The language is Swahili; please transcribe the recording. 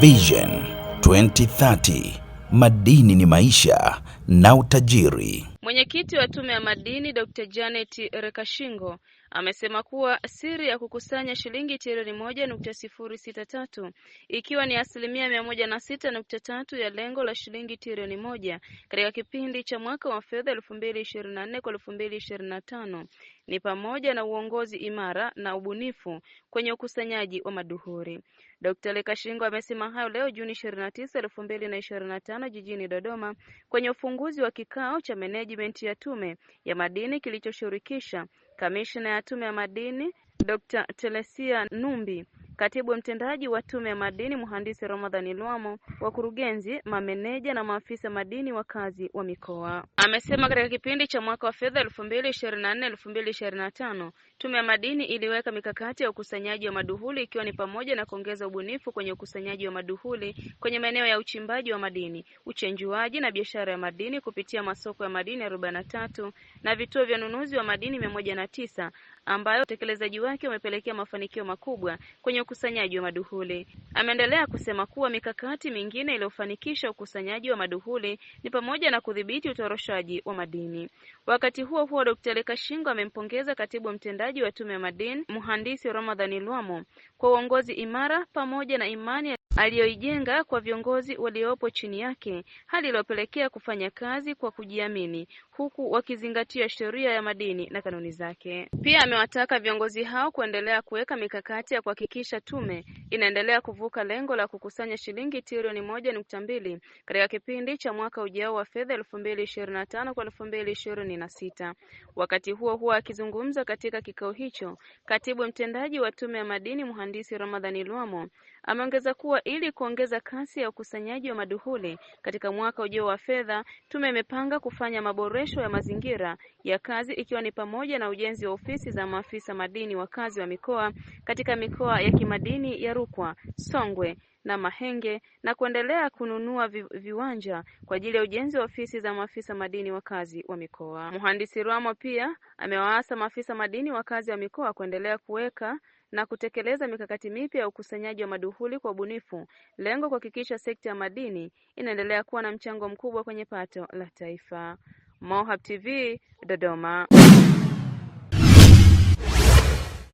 Vision 2030 madini ni maisha na utajiri. Mwenyekiti wa Tume ya Madini Dr. Janet Rekashingo amesema kuwa siri ya kukusanya shilingi trilioni moja nukta sifuri sita tatu ikiwa ni asilimia mia moja na sita nukta tatu ya lengo la shilingi trilioni moja katika kipindi cha mwaka wa fedha elfu mbili ishirini na nne kwa elfu mbili ishirini na tano ni pamoja na uongozi imara na ubunifu kwenye ukusanyaji wa maduhuri. Dkt. Lekashingo amesema hayo leo Juni 29, 2025 jijini Dodoma kwenye ufunguzi wa kikao cha management ya Tume ya Madini kilichoshirikisha Kamishna ya Tume ya Madini Dr. Telesia Numbi Katibu Mtendaji wa Tume ya Madini Mhandisi Ramadhani Lwamo, wakurugenzi, mameneja na maafisa madini wakazi wa mikoa, amesema katika kipindi cha mwaka wa fedha 2024-2025 Tume ya Madini iliweka mikakati ya ukusanyaji wa maduhuli ikiwa ni pamoja na kuongeza ubunifu kwenye ukusanyaji wa maduhuli kwenye maeneo ya uchimbaji wa madini, uchenjuaji na biashara ya madini kupitia masoko ya madini arobaini na tatu na vituo vya ununuzi wa madini 109 na tisa ambayo utekelezaji wake umepelekea mafanikio makubwa kwenye ukusanyaji wa maduhuli. Ameendelea kusema kuwa mikakati mingine iliyofanikisha ukusanyaji wa maduhuli ni pamoja na kudhibiti utoroshaji wa madini. Wakati huo huo, Dkt. Lekashingo amempongeza katibu mtendaji wa Tume ya Madini, Mhandisi Ramadhani Lwamo kwa uongozi imara pamoja na imani aliyoijenga kwa viongozi waliopo chini yake, hali iliyopelekea kufanya kazi kwa kujiamini, huku wakizingatia sheria ya madini na kanuni zake. Pia amewataka viongozi hao kuendelea kuweka mikakati ya kuhakikisha tume inaendelea kuvuka lengo la kukusanya shilingi trilioni moja nukta mbili katika kipindi cha mwaka ujao wa fedha elfu mbili ishirini na tano kwa elfu mbili ishirini na sita. Wakati huo huo, akizungumza katika kikao hicho, katibu mtendaji wa tume ya madini mhandisi Ramadhani Lwamo ameongeza kuwa ili kuongeza kasi ya ukusanyaji wa maduhuli katika mwaka ujao wa fedha, tume imepanga kufanya maboresho ya mazingira ya kazi ikiwa ni pamoja na ujenzi wa ofisi za maafisa madini wakazi wa mikoa katika mikoa ya kimadini ya Rukwa, Songwe na Mahenge na kuendelea kununua vi, viwanja kwa ajili ya ujenzi wa ofisi za maafisa madini wakazi wa mikoa. Mhandisi ramo pia amewaasa maafisa madini wakazi wa mikoa kuendelea kuweka na kutekeleza mikakati mipya ya ukusanyaji wa maduhuli kwa ubunifu, lengo kuhakikisha sekta ya madini inaendelea kuwa na mchango mkubwa kwenye pato la taifa. Mohab TV, Dodoma.